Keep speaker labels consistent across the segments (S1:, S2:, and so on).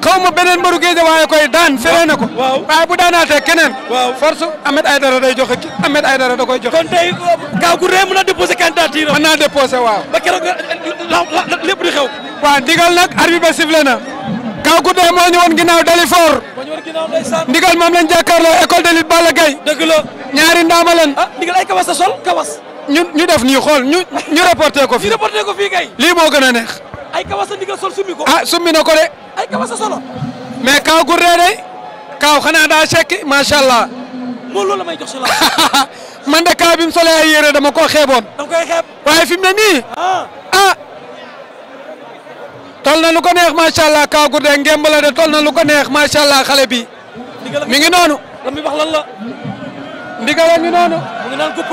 S1: xaw ma beneen mbaru géej waaye koy daan feree na ko waaye bu daanaatee keneen force Ahmed Aïdara day joxe ki Ahmed Aïdara da koy joxe kon tey gaaw gu ree mën a waaw ba keroog lépp di xew waaw ndigal nag arbitre ba sifflé na gaaw gu dee moo ñëwoon ginnaaw Dalifort ndigal moom lañ jàkkaarloo école de lutte Balla Gaye dëgg la ñaari ndaama leen ah ndigal ay kawas a sol kawas ñu def nii xool ñu ñu reporté ko fii reporté ko fii kay lii moo a neex ay kawasa ndigal sol summi ko. ah summi ko de. ay kawasa solo. mais Kaaw Gourdin xanaa daa sekk macha man de Kaaw bi mu solee ay dama koo xeeboon. waaye fi ne nii. Ah. ah. tol na lu neex macha allah Kaaw Gourdin ngemb de tol na lu neex macha xale bi. mi ngi noonu. ndigal ngi noonu. mu ngi naan gupp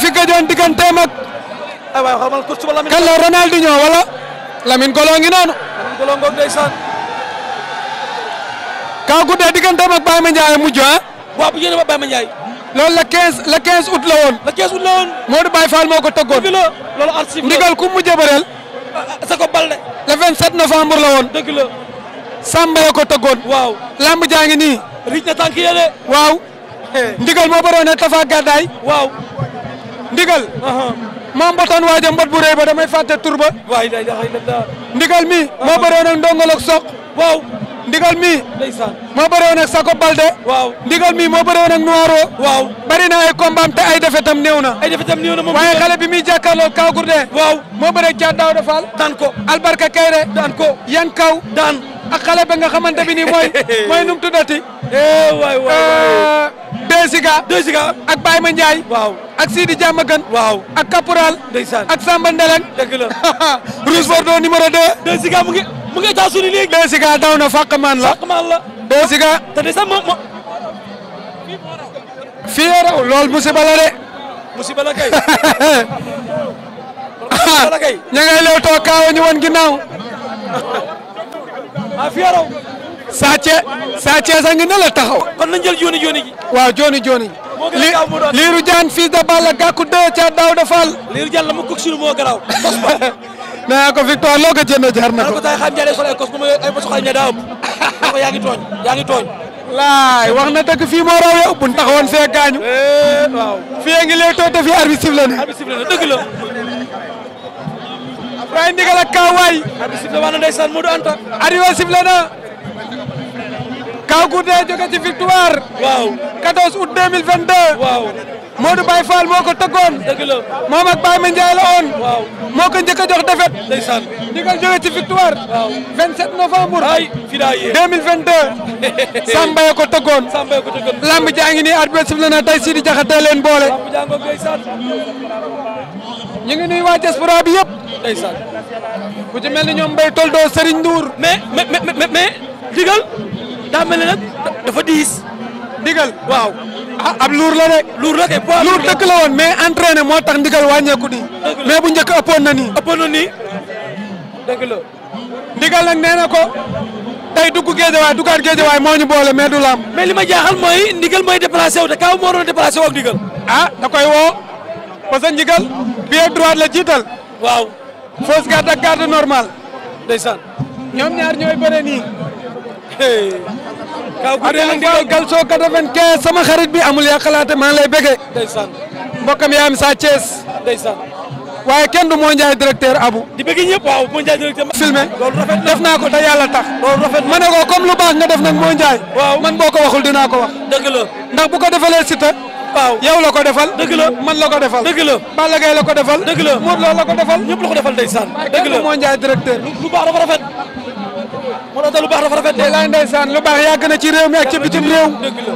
S1: fi gëjoon digganteem ak. ay waay xamal course ba Lamine. noonu. Lamine Golo ngoog ndeysaan. Kaw Gourdin digganteem ak mujj ah. waaw la 15 la la woon. la 15 août la moo ko tëggoon. loolu archive mujj a bëreel. Ah, ah, sa ko Balde. le 27 novembre la woon. Samba ya ko tëggoon. lamb jaa ngi waaw. ndigal moo bëroon ne Tafa Gàddaay. waaw. maa mbotoon waaja mbot bu rëy ba damay fàtte tur ba. waay day ndigal mi moo bëreewoon ak ndongol ak soq. ndigal mi. moo bëreewoon ak Sako Balde. waaw ndigal mi moo bëreewoon ak Noiro. bari na ay kombaam te ay defetam néew na. na waaye xale bi muy jàkkaarloo Kaw Gourdin. moo bëree Thiat Daouda Fall. daan ko Albarka Kayre. daan ko Yankaw daan. ak xale nga xamante bi nii mooy mooy nu mu tuddati. Eh, waay waay eh, ak Baye Ma Ndiaye. ak Sidi Diamagan. waaw ak Caporal. ak Samba Ndelen. dëgg la Rouge Bordeaux numéro 2. Desiga daw na fàqmaan la la. Desiga te fii raw lool musiba de. musiba lew too kaawa ñu woon ginnaaw. a fiaro Sathié Sathié sa ngi ne la taxaw kon nañ jël jooni jooni gi waaw jooni jooni li Lirou Diane fils de Balla Gakou 2 ca Daouda Fall Lirou Diane la mu kuk sunu moo garaaw naa ko victoire na ko ko tay xam jaale solo kos mo ay ba soxal ña daa tooñ yaa tooñ wax na dëgg fii moo a yow bu ñu taxawoon fee gaañu eh, waaw fii ngi lay tooy te fii arbitre sifflé la Ndiaye ndigal ak Kaaw waay. arbitre sifflé na ndeysaan Modou Anta. arbitre sifflé na. Kaaw Gourdin jóge ci victoire. waaw 14 août 2022. waaw Modou moo ko tëggoon. dëgg la moom ak Baye la woon. moo ko njëkk a jox défaite. ndigal jóge ci victoire. waaw 27 novembre. Samba ya ko lamb jaa ngi nii arbitre sifflé na tey Sidi boole. ñu ngi nuyu waa diaspora bi ku ci mel ni ñoom Mbaye Toldo Serigne Ndour. mais mais mais mais ndigal daa mel ne nag dafa diis. ndigal waaw. ah ab luur la de. luur la de luur dëkk woon mais entraîné moo tax ndigal wàññeeku di. mais bu njëkk ëppoon na nii. ëppoon na nii dëgg la. ndigal nag nee na ko tey dugg géejewaay duggaat géejewaay moo ñu boole mais du laam. li ma jaaxal mooy ndigal mooy déplacé wu de kaw moo doon déplacé wu ak ndigal. Ah, parce que ndigal pied droit la jiital. waaw. fausse garde ak garde normale ndeysaan ñoom ñaar ñooy bëre nii kaw guddi ak kaw Galso 95 sama xarit bi amul yaa xalaate maa lay bëgge ndeysaan mbokkam yaayam sa Thiès ndeysaan waaye kenn du moo njaay directeur Abu. di bëgg ñëpp def naa ko te yàlla tax. loolu ko comme lu baax nga def nag moo waaw man boo ko waxul dinaa ko wax. ndax bu ko defalee si waaw yow ko defal dëgg la man la ko defal dëgg la Balla Gaye la ko defal dëgg la Modou Lo la ko defal ñëpp la ko defal ndeysaan dëgg la moo lu baax dafa rafet moo tax lu baax dafa rafet de laay ndeysaan yàgg na ci réew mi ak ci bitim réew dëgg la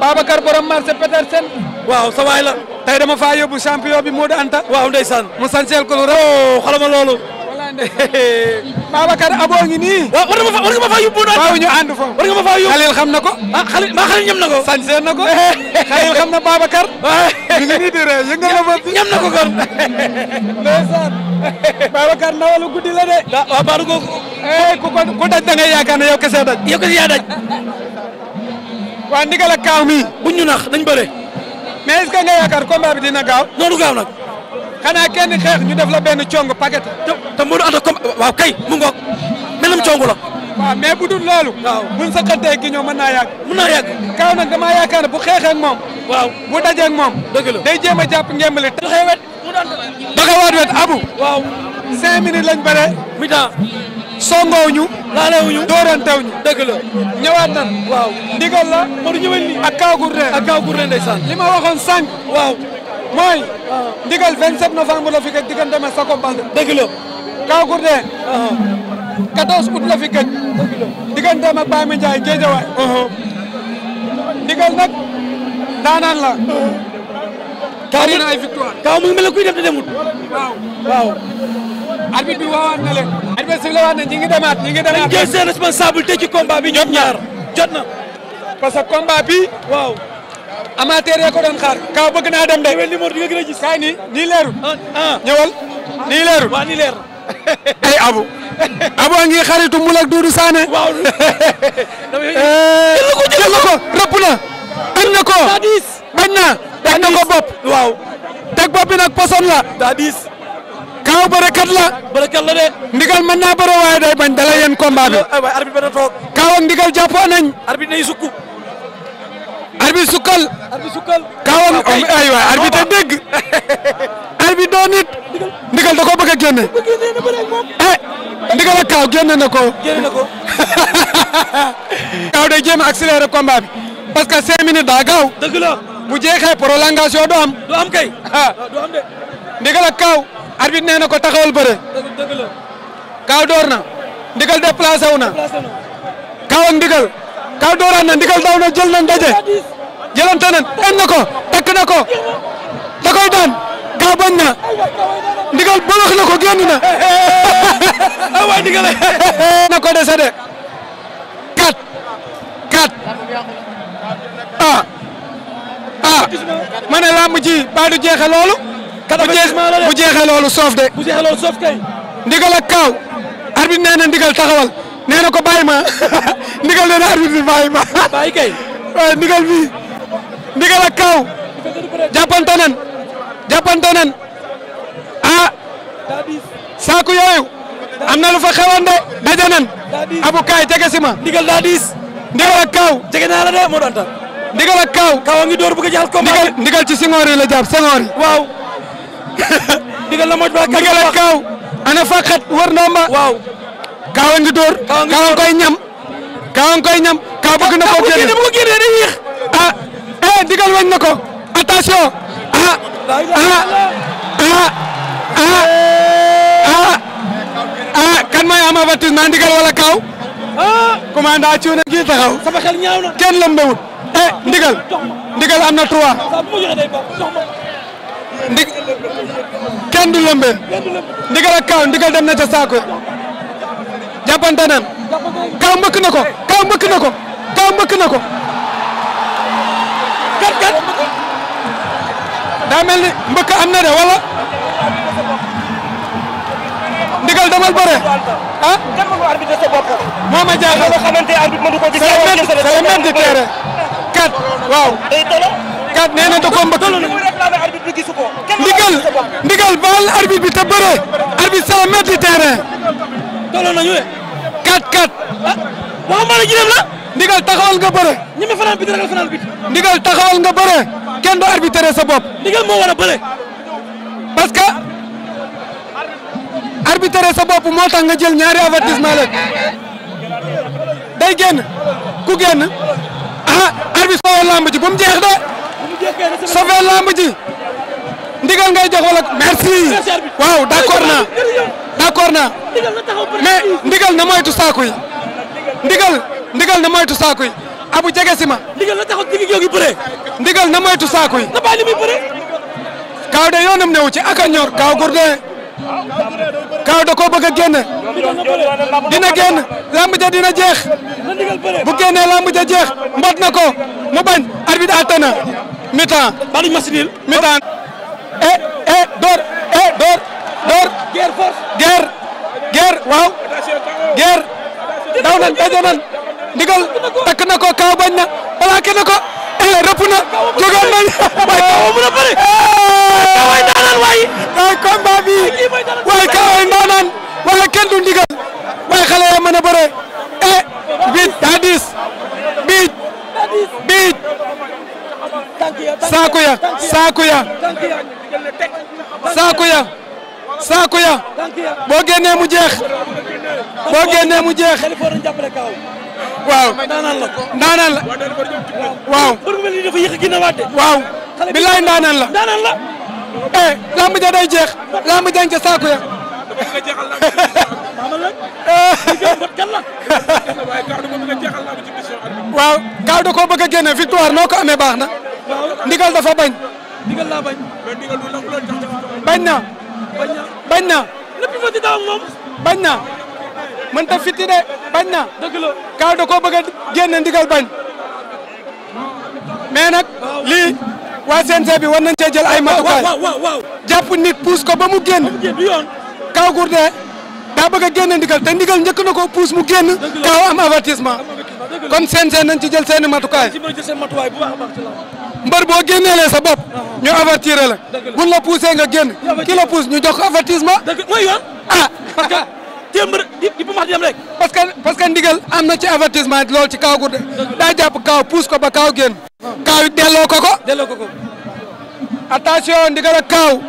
S1: Babacar borom marché Petersen waaw sa waay la tey dama faa yóbbu champion bi Modou Anta waaw ndeysaan mu sanseel ko lu rafet oh, xalama loolu Babacar Abo ngi nii. waaw war nga ma fa war nga ma faa yóbbu noonu. faaw ñu ànd fa war nga ma faa yóbbu. Xalil xam na ko. ah Xalil maa ah, Xalil ñam na ko. sañse na ko. Xalil xam na Babacar. Ah. ñu ngi nii di ree yëngal na bopp bi ñam na ko kon. ndeysaan Babacar nawalu guddi la de. ah waaw baalu ko. ku ko ku daj da ngay yaakaar ne yow kese daj. yow kese yaa daj. waa ndigal ak kaaw mi. buñ ñu nax dañ bëre. mais est-ce que nga yaakaar combat bi dina gaaw. noonu gaaw nag. xanaa kenn xeex ñu def la benn cong paquet. te te Modou Anta comme waaw kay mu ngoog melam cong la. waaw mais bu dul loolu. waaw buñ saqantee gi ñoom mën naa yàgg. mën naa yàgg kaw nag damaa yaakaar bu xeexee moom. waaw bu dajee moom. la day jéem a jàpp ngeen bële. da koy wet da abu. waaw cinq minutes lañ bare. mi temps songoo ñu. laalee wu ñu la ñëwaat nan. waaw ndigal la. Modou ñëwal waxoon sànq. waaw. mooy ndigal 27 novembre la fi gëj diggante ma Sakho Balde dëgg la Kaw Gourdin 14 uh-huh. août la fi gëj dëgg la digganteem ak Baye Mandiaye Guédiawaye uh-huh. ndigal nag daanaan la Kaw na ay victoire Kaw mu ngi mel ne kuy def te demut waaw waaw arbitre bi waawaat na leen arbitre bi la waat na ñi ngi demaat ñi ngi demaat dañ jël seen responsabilité ci combat bi ñoom ñaar jot na parce que combat bi waaw amateur yee ko doon xaar. bëgg naa dem de. déwén a gis. nii nii leerul. abu. abu a xaritu mbul ak Doudou Sané. waaw. Eh, jël ko jël na. bañ ko bañ na. bañ ko bopp. waaw. teg bopp nag poson la. daa diis. la. ndigal mën naa bëre waaye day bañ. dala yéen combat ndigal jàppoo arbi sukkal. arbi sukkal. kaawoon aywa arbi te dégg. arbi doon it. a génne. eh ndigal kaaw génne na ko. kaaw day jéem a accélérer combat parce que cinq minutes daa gaaw. dëgg la bu jeexee prolongation ah. Ah, kaaw. arbitre nee na ko taxawal bëre. dëgg kaaw door na. ndigal déplacé wu kaaw ak kaw dooran na ndigal daw na jël na ndaje jëlante na en na ko takk ko da daan gaa na ndigal bolox ko génn na awa ah, ndigal na de kat kat ah ah ma ne làmb ji ba jeexe loolu bu jeexe loolu soof de ndigal ak kaaw arbitre nee na ndigal taxawal nee na ko bàyyi ma ndigal nee na arbitre bi ma. ndigal bi ndigal ak kaw jàppante nan jàppante nan ah saako yooyu am na fa xewoon de daje nan abu kaay jege si ma. ndigal daa ndigal ak kaw naa la ndigal a ngi door bëgg a jàll combat ndigal ci sengoor la jàpp sengoor ndigal la kaw ana faqat wër ndomba Kaawa ngi dóor. Kaawa ngi koy ñam. Kaawa koy ñam. Kaawa bëgg na koo génne bu ko génnee day yéex. ah eh na ko attention. ah ah, ah ah ah ah kan mooy am avertissement ndigal wala Kaaw. ah commandant Thioune gi taxaw. sama xel ñaaw na kenn eh, kenn du lëmbe. ndigal ak Kaaw ndigal dem na ca jàppante nan kaw mbëkk na ko kaw mbëkk na ko mbëkk kat kat daa ni mbëkk am na de wala ndigal demal bëre ah moo ma jaaxal c'est même du kat waaw kat nee na ko mbëkk ndigal ndigal baal arbitre bi te bëre arbitre c'est même du tolloo nañu de. 4-4. ah la. ndigal taxawal nga bëre. ñi ma ndigal taxawal nga bëre. kenn du arbitré sa bopp. ndigal moo war a bëre. parce que arbitré sa bopp moo tax nga jël ñaari avertissement day génn ku génn ah arbitre sauvé lamb bu mu jeex de sauvé lamb ndigal ngay jox wala merci waaw d' accord naa ndigal na moytu saako yi ndigal na moytu saako abu jege si ma. ndigal na moytu saako yi. na bàyyi li muy de yoonam newu ci ak ñor kaaw Gourdin kaaw da koo bëgg a génne. dina génn lamb dina jeex. bu génnee lamb ja jeex na ko mu bañ. arbitre àtte na mi-temps. eh eh door eh door door. guerre force guerre. guerre waaw. guerre. daw nañ daje nañ. ndigal takk na ko kaw bañ na plaqué na ko. eh rëpp na. jógal nañ. waaye kaw mën a bëri. Eh. kawaay ndaanaan waaye. waaye combat bi waaye kawaay ndaanaan wala kenn du ndigal. waaye xale ya mën a bëre. eh biit daa diis. biit. biit. saaku ya saaku ya saako ya saako ya boo génnee mu jeex boo génnee mu jeex waaw ndaanaan la waaw waaw eh, lamb ja jeex lamb jañ ca ya waaw kaaw da koo bëgg victoire noo baax na ndigal dafa bañ ndigal laa bañ. mais bañ na. bañ na bañ na. lépp fa di daaw ak bañ na mën de bañ na. dëgg la kaw koo bëgg a génne ndigal bañ. mais nag lii waa CNG bi war nañ cee jël ay matukaay. waaw waaw waaw jàpp nit puus ko ba mu génn. kaw gur de daa bëgg a génne ndigal te ndigal njëkk ko puus mu génn. kaw am avertissement. kon seen i matukaay. ci matukaay bu baax a baax ci la mbër boo génneelee sa bopp ñu avertir la la poussé nga génn ki la pousse ñu jox ko ah parce que parce que parce que ndigal am na ci avertissement loolu ci kaw gu de daa jàpp kaaw pousse ko ba kaaw génn kaaw delloo ko ko delloo ndigal ak kaaw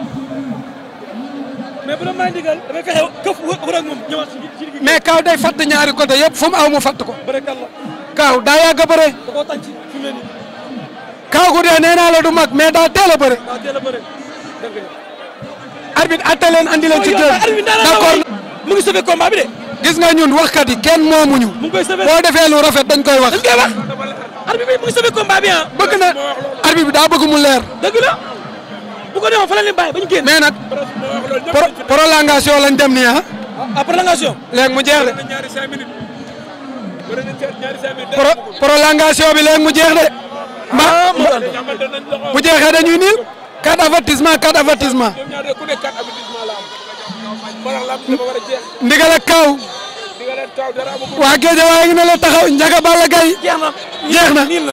S1: mais kaaw day fatt ñaari côté yëpp fu mu aw mu fatt ko kaaw daa yàgg a Kaagu de nee naa la du mag mais daa teel a bëre. arbitre atte leen andi oh, mu ngi sauvé combat bi de. gis nga ñun waxkat yi kenn moomuñu. mu ngi koy sauvé boo defee lu rafet dañ koy wax. dañ koy wax arbitre bi mu ngi sauvé combat bi ah. bëgg na arbitre bi daa bëgg leer. dëgg la bu ko defoon fa la leen nag prolongation lañ dem nii ah. ah, ah mu jeex de. prolongation bi léegi mu jeex de. mbaa ah, bu jeexee dañuy niil quatre avertissement quatre avertissement ndigal ak kaw waa géej waaye ngi la taxaw njaga Balla Gaye jeex na